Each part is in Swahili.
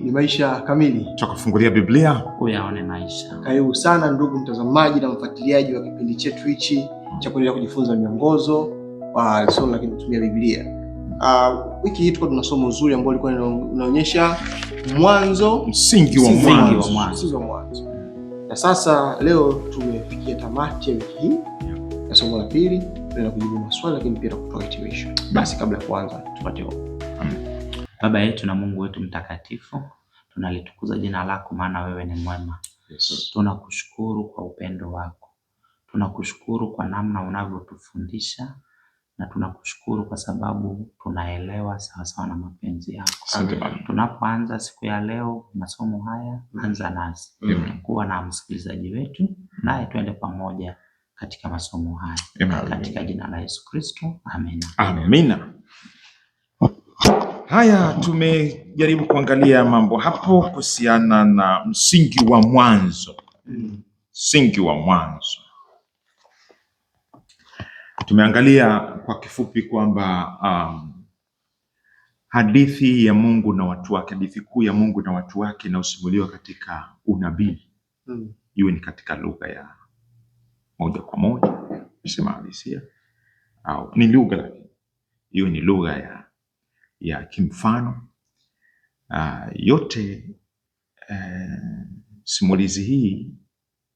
Ni Maisha Kamili, tukafungulia Biblia uyaone maisha. Karibu sana ndugu mtazamaji na mfuatiliaji wa kipindi chetu hichi cha kuendelea kujifunza miongozo wa somo la kutumia Biblia. Uh, wiki hii tuko tuna somo zuri ambao ulikuwa unaonyesha mwanzo, msingi wa mwanzo, na sasa leo tumefikia tamati ya wiki hii na somo la pili, tunaenda kujibu maswali lakini pia kutoa hitimisho. Basi kabla ya kuanza tupate Baba yetu na Mungu wetu mtakatifu, tunalitukuza jina lako, maana wewe ni mwema. Yes. Tunakushukuru kwa upendo wako, tunakushukuru kwa namna unavyotufundisha na tunakushukuru kwa sababu tunaelewa sawasawa na mapenzi yako. Tunapoanza siku ya leo masomo haya, anza nasi kuwa na msikilizaji wetu, naye tuende pamoja katika masomo haya, katika jina la Yesu Kristo, amina, amina. Haya, tumejaribu kuangalia mambo hapo kuhusiana na msingi wa mwanzo, msingi wa mwanzo. Tumeangalia kwa kifupi kwamba um, hadithi ya Mungu na watu wake, hadithi kuu ya Mungu na watu wake inayosimuliwa katika unabii hmm. iwe ni katika lugha ya moja kwa moja, sema au ni lugha, hiyo ni lugha ya ya kimfano. Uh, yote uh, simulizi hii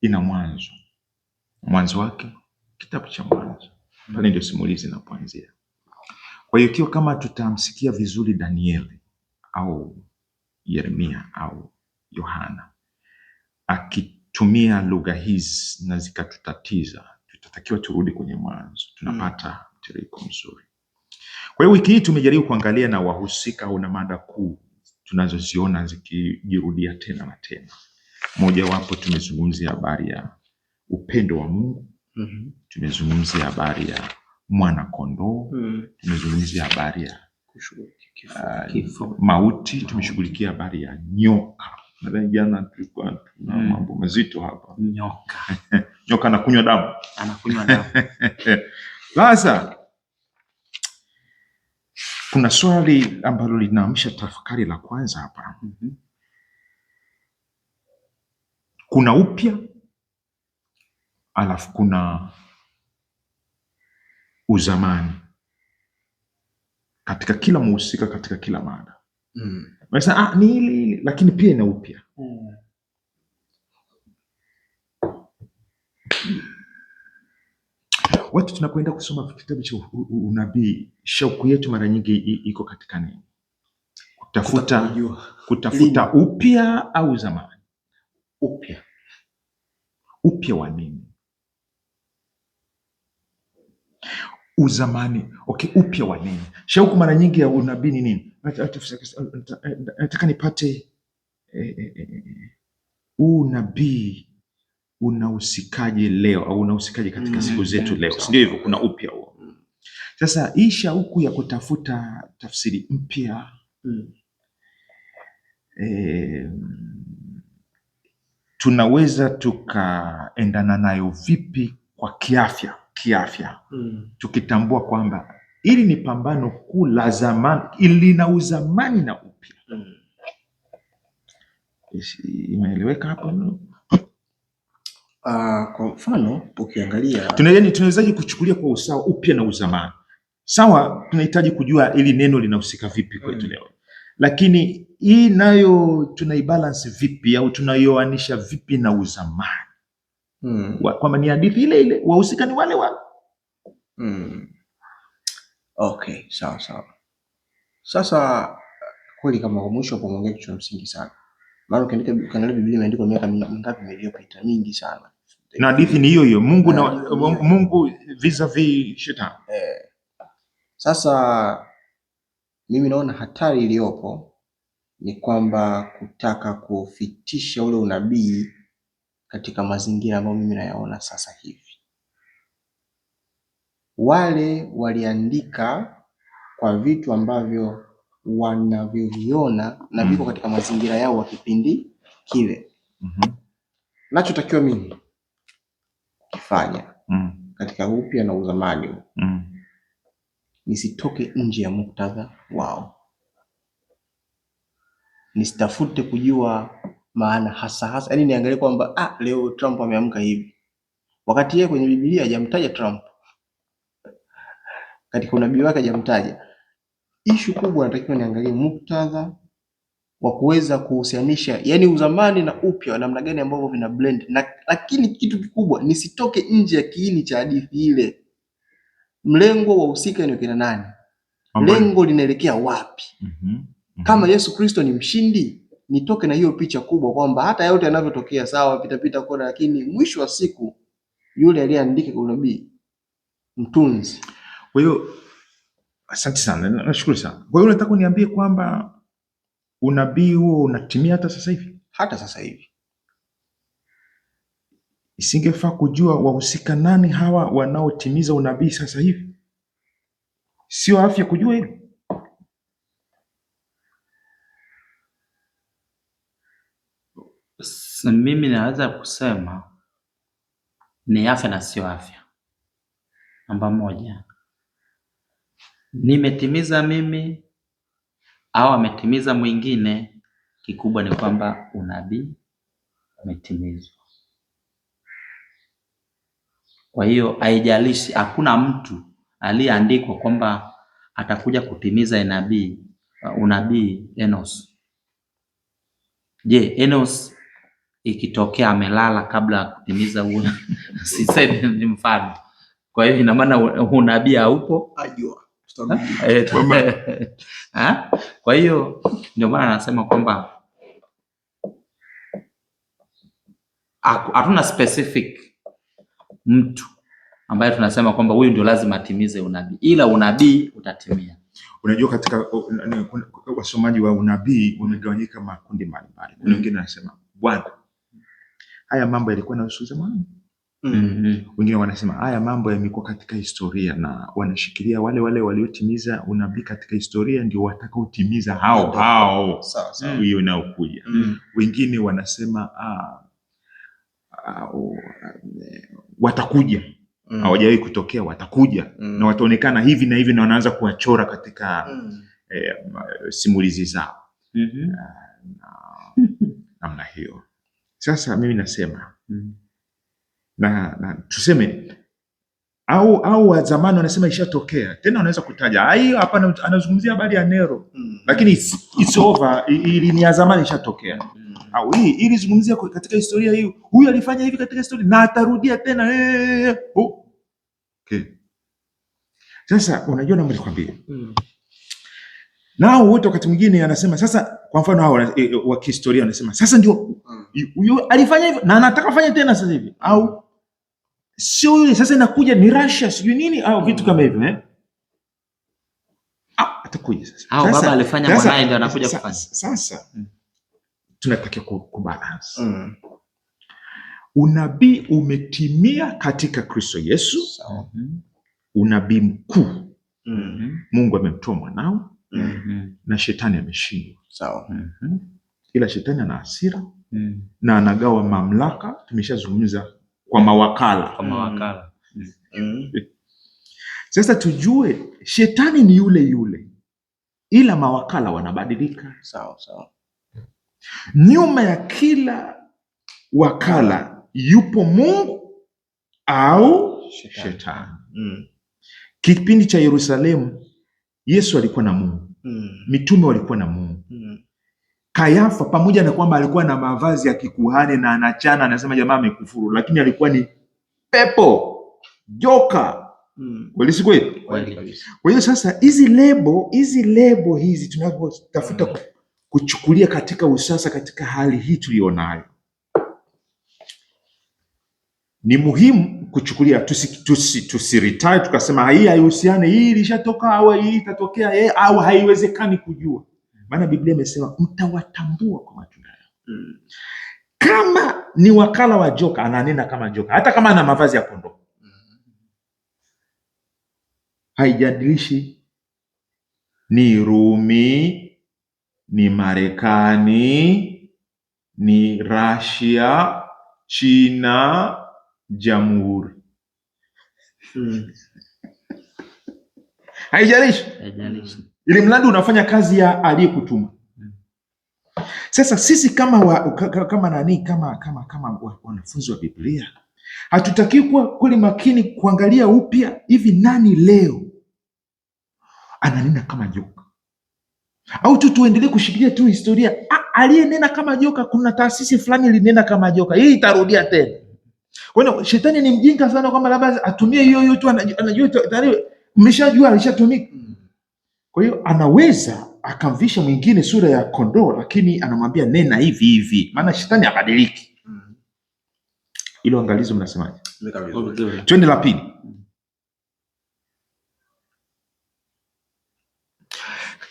ina mwanzo, mwanzo wake kitabu cha Mwanzo pale ndio simulizi inapoanzia. Kwa hiyo ikiwa kama tutamsikia vizuri Danieli au Yeremia au Yohana akitumia lugha hizi na zikatutatiza, tutatakiwa turudi kwenye mwanzo, tunapata mtiririko mzuri. Kwa hiyo wiki hii tumejaribu kuangalia na wahusika una mada kuu tunazoziona zikijirudia tena na tena. Mojawapo tumezungumzia habari ya upendo wa Mungu mm -hmm. Tumezungumzia habari ya mwana kondoo mm -hmm. Tumezungumzia habari ya uh, mauti, tumeshughulikia habari ya nyoka. Nadhani jana tulikuwa tuna mm. mambo mazito hapa. Nyoka nyoka anakunywa damu, anakunywa damu sasa Tuna swali ambalo linaamsha tafakari la kwanza hapa. mm -hmm. Kuna upya alafu kuna uzamani katika kila muhusika katika kila mada mm. Ah, ni ile ile lakini pia ina upya mm. Watu tunapoenda kusoma kitabu cha unabii, shauku yetu mara nyingi iko katika nini? Kutafuta, kutafuta upya au zamani? Upya, upya wa nini? Uzamani, okay, upya wa nini? Shauku mara nyingi ya unabii ni nini? Nataka nipate huu unabii unahusikaje leo au unahusikaje katika mm, siku zetu leo, mm. si ndio? Hivyo kuna upya huo. Mm. Sasa hii shauku ya kutafuta tafsiri mpya mm. E, tunaweza tukaendana nayo vipi kwa kiafya kiafya mm. tukitambua kwamba ili ni pambano kuu la zamani ilina uzamani na upya mm. Imeeleweka hapo? Uh, kwa mfano ukiangalia tunawezaje kuchukulia kwa usawa upya na uzamani? Sawa, tunahitaji kujua ili neno linahusika vipi kwetu mm. leo, mm. lakini hii nayo tunaibalance vipi au tunaioanisha vipi na uzamani? mm. kwamba ni hadithi ile ile, wahusika ni wale wale. mm. Okay, sawa sawa. Sasa kweli kama kwa mwisho kwa umeongea kitu cha msingi sana, maana ukiandika ukiangalia Biblia imeandikwa miaka mingapi iliyopita, mingi sana na hadithi ni hiyo hiyo Mungu na, eh, Mungu vis-a-vis shetani eh. Sasa mimi naona hatari iliyopo ni kwamba kutaka kufitisha ule unabii katika mazingira ambayo mimi nayaona sasa hivi. Wale waliandika kwa vitu ambavyo wanavyoviona na viko mm. katika mazingira yao wa kipindi kile. mm -hmm. Nachotakiwa mimi kufanya mm. katika upya na uzamani mm. nisitoke nje ya muktadha wao, nisitafute kujua maana hasa hasa, yaani niangalie kwamba ah, leo Trump ameamka hivi, wakati yeye kwenye Biblia hajamtaja Trump, katika unabii wake hajamtaja. Ishu kubwa natakiwa niangalie muktadha wa kuweza kuhusianisha yani uzamani na upya namna gani ambavyo vina blend na, lakini kitu kikubwa nisitoke nje ya kiini cha hadithi ile. Mlengo wa husika ni kina nani? Lengo linaelekea wapi? mm -hmm. Mm -hmm. Kama Yesu Kristo ni mshindi, nitoke na hiyo picha kubwa kwamba hata yote yanavyotokea sawa, pitapita kona, lakini mwisho wa siku yule aliyeandika kwa unabii mtunzi. Kwa hiyo asante sana, nashukuru sana. Kwa hiyo unataka kuniambie kwamba unabii huo unatimia hata sasa hivi? Hata sasa hivi. Isingefaa kujua wahusika nani hawa wanaotimiza unabii sasa hivi? Sio afya kujua hilo? Mimi naweza kusema ni afya na sio afya. Namba moja, nimetimiza mimi au ametimiza mwingine, kikubwa ni kwamba unabii umetimizwa. Kwa hiyo haijalishi, hakuna mtu aliyeandikwa kwamba atakuja kutimiza inabii uh, unabii Enos. Je, Enos ikitokea amelala kabla ya kutimiza huo, siseme ni mfano. Kwa hiyo ina maana unabii haupo, ajua Eh? Kwa hiyo ndio maana anasema kwamba hatuna specific mtu ambaye tunasema kwamba huyu ndio lazima atimize unabii, ila unabii utatimia. Unajua, katika wasomaji wa unabii wamegawanyika makundi mbalimbali. Kuna wengine wanasema Bwana, haya mambo yalikuwa yanahusu zamani Mm-hmm. mm-hmm. Wengine wanasema haya mambo yamekuwa katika historia, na wanashikilia wale wale waliotimiza unabii katika historia ndio watakaotimiza hao hao mm. hiyo inayokuja. Mm. Wengine wanasema ah, uh, watakuja mm. hawajawahi kutokea, watakuja mm. na wataonekana hivi na hivi, na wanaanza kuwachora katika mm. eh, simulizi zao mm -hmm. namna hiyo. Sasa mimi nasema mm na, na tuseme au au wa zamani wanasema ishatokea tena, wanaweza kutaja hiyo hapa, anazungumzia habari ya Nero mm. Lakini it's, it's over, ili ni ya zamani ishatokea mm. Au hii ili zungumzia katika historia hiyo, huyu alifanya hivi katika historia na atarudia tena eh, oh. Okay. Sasa unajua namba nikwambia mm. Nao wote wakati mwingine anasema sasa, kwa mfano hao eh, wa kihistoria wanasema sasa ndio huyo mm. alifanya hivyo na anataka fanya tena sasa hivi au mm sio yule sasa, inakuja ni Russia sijui nini au vitu kama hivyo eh? Ah, atakuja sasa. Au baba alifanya mwanae ndio anakuja kufanya sasa. Mm. Tunatakiwa kubalance mm. Unabii umetimia katika Kristo Yesu so, mm. Unabii mkuu mm -hmm. Mungu amemtoa mwanao mm -hmm. na shetani ameshindwa so, mm -hmm. Ila shetani ana hasira mm. na anagawa mamlaka, tumeshazungumza kwa mawakala, kwa mawakala. Mm. Mm. Sasa tujue shetani ni yule yule, ila mawakala wanabadilika. Sawa sawa. Nyuma ya kila wakala yupo Mungu au shetani, shetani. Mm. Kipindi cha Yerusalemu Yesu alikuwa na Mungu mm. Mitume walikuwa na Mungu mm. Kayafa pamoja na kwamba alikuwa na mavazi ya kikuhani na anachana, anasema jamaa amekufuru, lakini alikuwa ni pepo joka. Mm. Kweli si kweli? Kwa hiyo sasa hizi lebo hizi lebo hizi mm. kuchukulia katika usasa, katika hali hii tuliyonayo ni muhimu kuchukulia, tusi, tusi, tusiritai tukasema hii haihusiani, hii ilishatoka au hii itatokea, eh, au haiwezekani kujua maana Biblia imesema mtawatambua kwa matunda yao. Mm. Kama ni wakala wa joka ananena kama joka, hata kama ana mavazi ya kondoo. Mm. Haijadilishi ni Rumi, ni Marekani, ni Rasia, China, jamhuri. Mm. Haijalishi. Haijalishi ili mradi unafanya kazi ya aliyekutuma. Sasa sisi kama wa, kama nani kama kama kama wanafunzi wa Biblia hatutaki kuwa kweli makini kuangalia upya hivi nani leo ananena kama joka, au tu tuendelee kushikilia tu historia ah, aliyenena kama joka. Kuna taasisi fulani ilinena kama joka, hii itarudia tena. Kwa hiyo shetani ni mjinga sana kwamba labda atumie hiyo hiyo tu, anajua tayari, mmeshajua alishatumika kwa hiyo anaweza akamvisha mwingine sura ya kondoo, lakini anamwambia nena hivi hivi, maana shetani habadiliki. Mm. ilo angalizo mnasemaje? Twende la pili.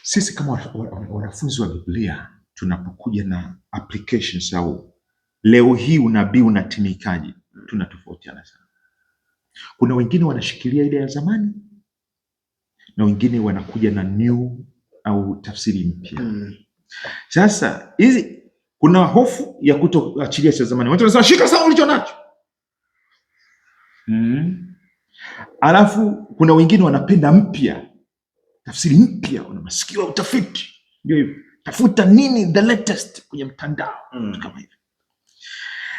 Sisi kama wanafunzi wa Biblia tunapokuja na applications au leo hii unabii unatimikaje, mm. tunatofautiana sana. Kuna wengine wanashikilia ile ya zamani na wengine wanakuja na new au tafsiri mpya mm. Sasa hizi kuna hofu ya kutoachilia cha zamani. Watu wanasema shika sana ulicho nacho mm. Alafu kuna wengine wanapenda mpya, tafsiri mpya, wana masikio ya utafiti, ndio hivyo, tafuta nini the latest kwenye mtandao mm. kama hivyo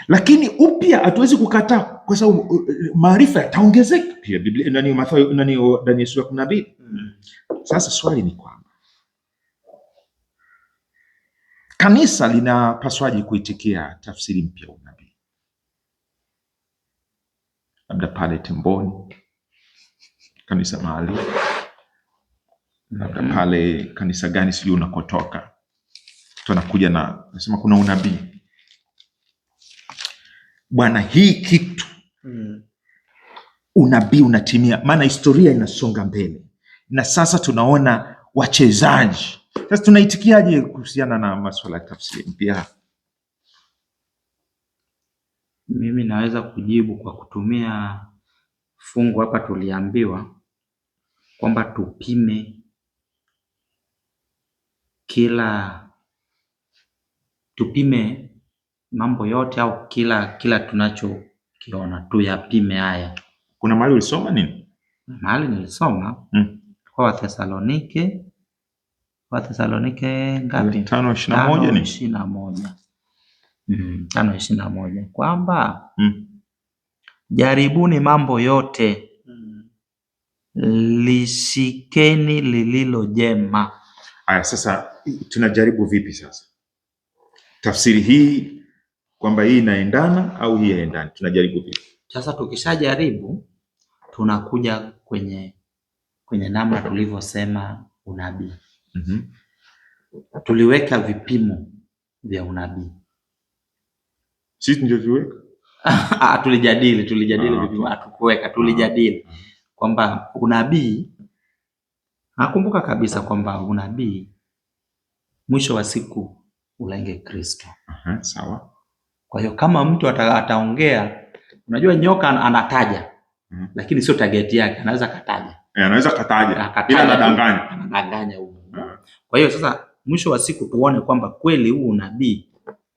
lakini upya hatuwezi kukataa kwa sababu uh, uh, maarifa yataongezeka pia. Biblia ndani ya Mathayo, ndani ya Danieli sura kumi na mbili. Hmm. Sasa swali ni kwamba kanisa linapaswaje kuitikia tafsiri mpya unabii? Labda pale Temboni kanisa mahali, labda hmm. pale kanisa gani, sijui unakotoka, tunakuja na nasema kuna unabii Bwana, hii kitu mm. unabii unatimia, maana historia inasonga mbele na sasa tunaona wachezaji sasa. Tunaitikiaje kuhusiana na maswala ya tafsiri mpya? Mimi naweza kujibu kwa kutumia fungu hapa. Tuliambiwa kwamba tupime kila tupime mambo yote au kila kila tunachokiona tuyapime haya. Kuna mahali ulisoma nini? Mahali nilisoma mm. kwa Wathesalonike, Wathesalonike ngapi? tano ishirini na moja ni ishirini na moja mm. tano ishirini na moja kwamba mm. jaribuni mambo yote mm. lishikeni lililo jema. Aya, sasa tunajaribu vipi? Sasa tafsiri hii kwamba hii inaendana au hii haendani. Tunajaribu vipi? Sasa tukishajaribu tunakuja kwenye kwenye namna tulivyosema unabii. mm -hmm. Tuliweka vipimo vya unabii sisi ndio viweka ah, tulijadili tulijadili ah, vipimo, hatukuweka tulijadili ah, kwamba unabii, nakumbuka kabisa kwamba unabii mwisho wa siku ulenge Kristo. Sawa. Kwa hiyo kama mtu ataongea, unajua nyoka anataja mm. lakini sio target yake, anaweza kataja eh, anaweza kataja ila anadanganya, anadanganya huko. Eh. Kwa hiyo sasa, mwisho wa siku tuone kwamba kweli huu unabii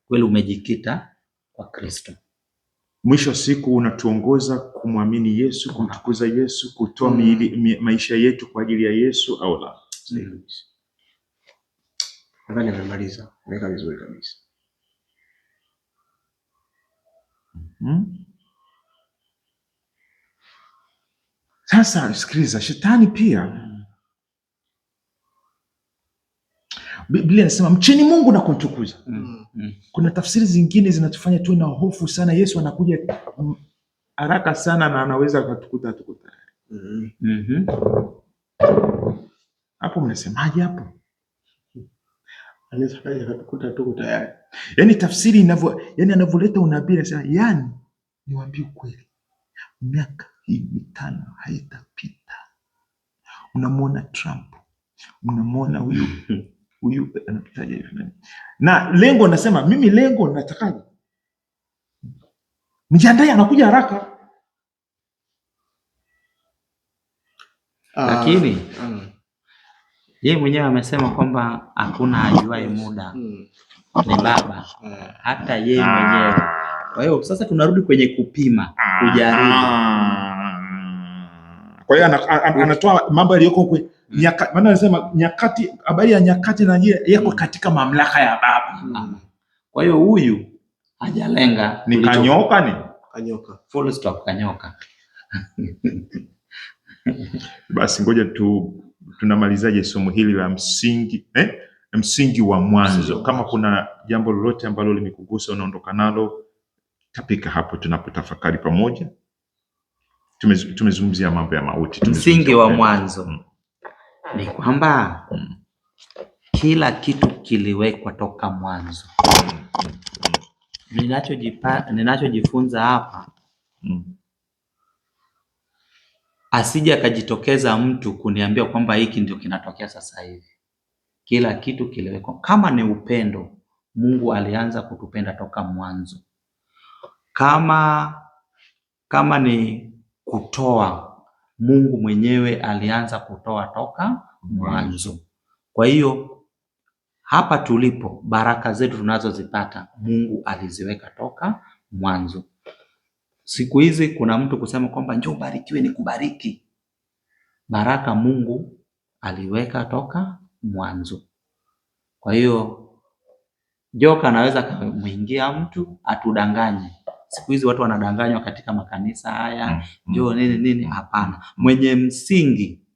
kweli umejikita kwa Kristo. Mwisho wa siku unatuongoza kumwamini Yesu, kumtukuza Yesu, kutoa mm. maisha yetu kwa ajili ya Yesu au la? Mm. Nimemaliza. Naweka vizuri kabisa. Mhm. Sasa sikiliza, shetani pia Biblia inasema mcheni Mungu na kumtukuza. mm -hmm. Kuna tafsiri zingine zinatufanya tuwe na hofu sana. Yesu anakuja haraka sana na anaweza akatukuta tuko tayari. mm -hmm. Hapo mnasemaje hapo? anaweza kaja tuko tayari. Yaani tafsiri inavyo, yani anavyoleta unabii anasema, yani niwaambie ukweli, miaka hii mitano haitapita. Unamwona Trump, unamwona huyu huyu anapitaje hivi, na lengo nasema mimi, lengo natakaje, mjiandae, anakuja haraka lakini uh, yeye mwenyewe amesema kwamba hakuna ajuaye muda hmm. ni Baba, eh. hata yeye mwenyewe. Ah. Kwa hiyo sasa tunarudi kwenye kupima, ah. kujaribu. Ah. Kwa hiyo anatoa mambo yaliyoko nyakati, maana anasema nyakati, habari ya nyakati na yeye yako katika mamlaka ya Baba. Hmm. Kwa hiyo huyu hajalenga ni kanyoka, ni kanyoka, full stop, kanyoka. Basi ngoja tu tunamalizaje somo hili la msingi eh? msingi wa mwanzo. Kama kuna jambo lolote ambalo limekugusa unaondoka nalo, tapika hapo tunapotafakari pamoja. Tumezungumzia tume mambo ya mauti, msingi wa mwanzo mm. ni kwamba mm. kila kitu kiliwekwa toka mwanzo. Mm. Ninachojifunza hapa asije akajitokeza mtu kuniambia kwamba hiki ndio kinatokea sasa hivi. Kila kitu kiliwekwa. Kama ni upendo, Mungu alianza kutupenda toka mwanzo. Kama kama ni kutoa, Mungu mwenyewe alianza kutoa toka mwanzo. Kwa hiyo hapa tulipo, baraka zetu tunazozipata Mungu aliziweka toka mwanzo. Siku hizi kuna mtu kusema kwamba njoo ubarikiwe ni kubariki. Baraka Mungu aliweka toka mwanzo. Kwa hiyo joka anaweza kumuingia mtu atudanganye. Siku hizi watu wanadanganywa katika makanisa haya, mm, mm. njoo nini nini. Hapana, mwenye msingi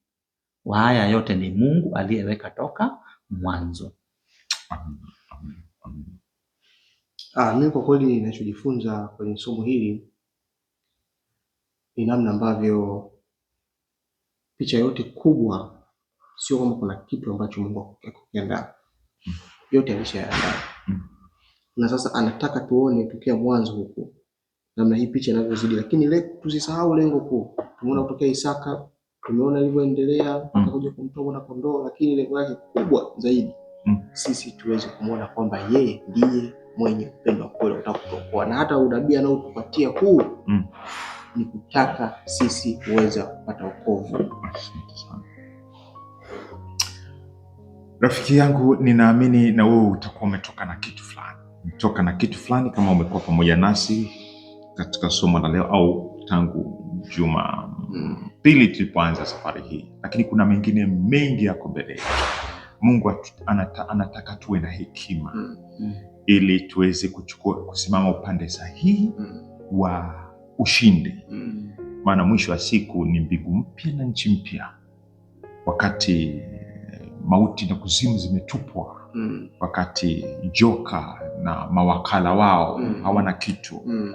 wa haya yote ni Mungu aliyeweka toka mwanzo. Ah, mimi kwa kweli ninachojifunza kwenye somo hili ni namna ambavyo picha yote kubwa, sio kama kuna kitu ambacho Mungu hakukiandaa, yote alishayaandaa. Na sasa anataka tuone tokea mwanzo huku namna hii picha inavyozidi, lakini le, tusisahau lengo kuu. Tumeona kutokea Isaka, tumeona ilivyoendelea mm. kuja kumtoa mwana kondoo, lakini lengo lake kubwa zaidi mm. sisi tuweze kumwona kwamba yeye ndiye mwenye upendo wa kweli utakaotuokoa, na hata unabii anaotupatia huu mm ni kutaka sisi uweza kupata wokovu. Rafiki yangu, ninaamini na wewe utakuwa umetoka na kitu fulani, umetoka na kitu fulani kama umekuwa pamoja nasi katika somo la leo au tangu juma pili tulipoanza safari hii, lakini kuna mengine mengi yako mbele yetu. Mungu anata, anataka tuwe na hekima mm, ili tuweze kuchukua kusimama upande sahihi mm, wa ushindi, mm. maana mm. mwisho wa siku ni mbingu mpya na nchi mpya, wakati eh, mauti na kuzimu zimetupwa mm. wakati joka na mawakala wao mm. hawana kitu mm.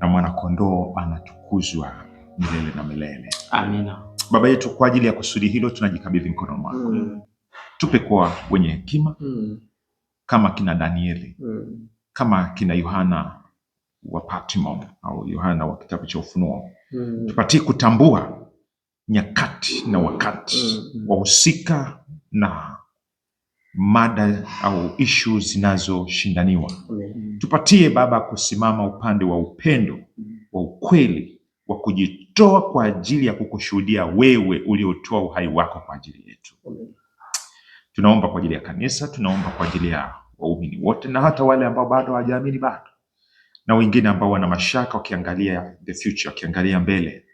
na mwanakondoo anatukuzwa milele na milele. Amina. Baba yetu, kwa ajili ya kusudi hilo tunajikabidhi mkono mwako mm. tupe kwa wenye hekima mm. kama kina Danieli mm. kama kina Yohana wa Patmo au Yohana wa kitabu cha Ufunuo mm. tupatie kutambua nyakati na wakati mm, mm. wahusika na mada au ishu zinazoshindaniwa mm. tupatie Baba kusimama upande wa upendo mm. wa ukweli wa kujitoa kwa ajili ya kukushuhudia wewe uliotoa uhai wako kwa ajili yetu tunaomba kwa ajili ya kanisa, tunaomba kwa ajili ya waumini wote na hata wale ambao bado hawajaamini bado na wengine ambao wana mashaka wakiangalia the future, wakiangalia mbele.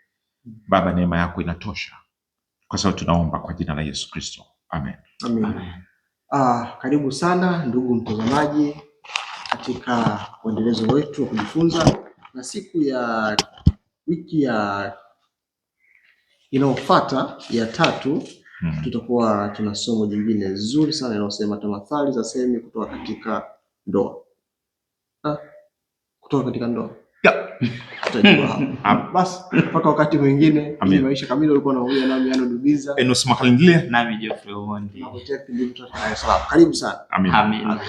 Baba, neema yako inatosha, kwa sababu tunaomba kwa jina la Yesu Kristo, amen, amen. amen. Ah, karibu sana ndugu mtazamaji katika uendelezo wetu wa kujifunza, na siku ya wiki ya inayofuata ya tatu -hmm. tutakuwa tuna somo jingine zuri sana linalosema tamathali za semi kutoka katika ndoa kutoka katika ndoa ah, basi mpaka wakati mwingine. Ni maisha kamili, ulikuwa unaongea nami Ano Dubiza, Enos Makalindile, nami Jeffrey Omondi. Karibu sana. Amina.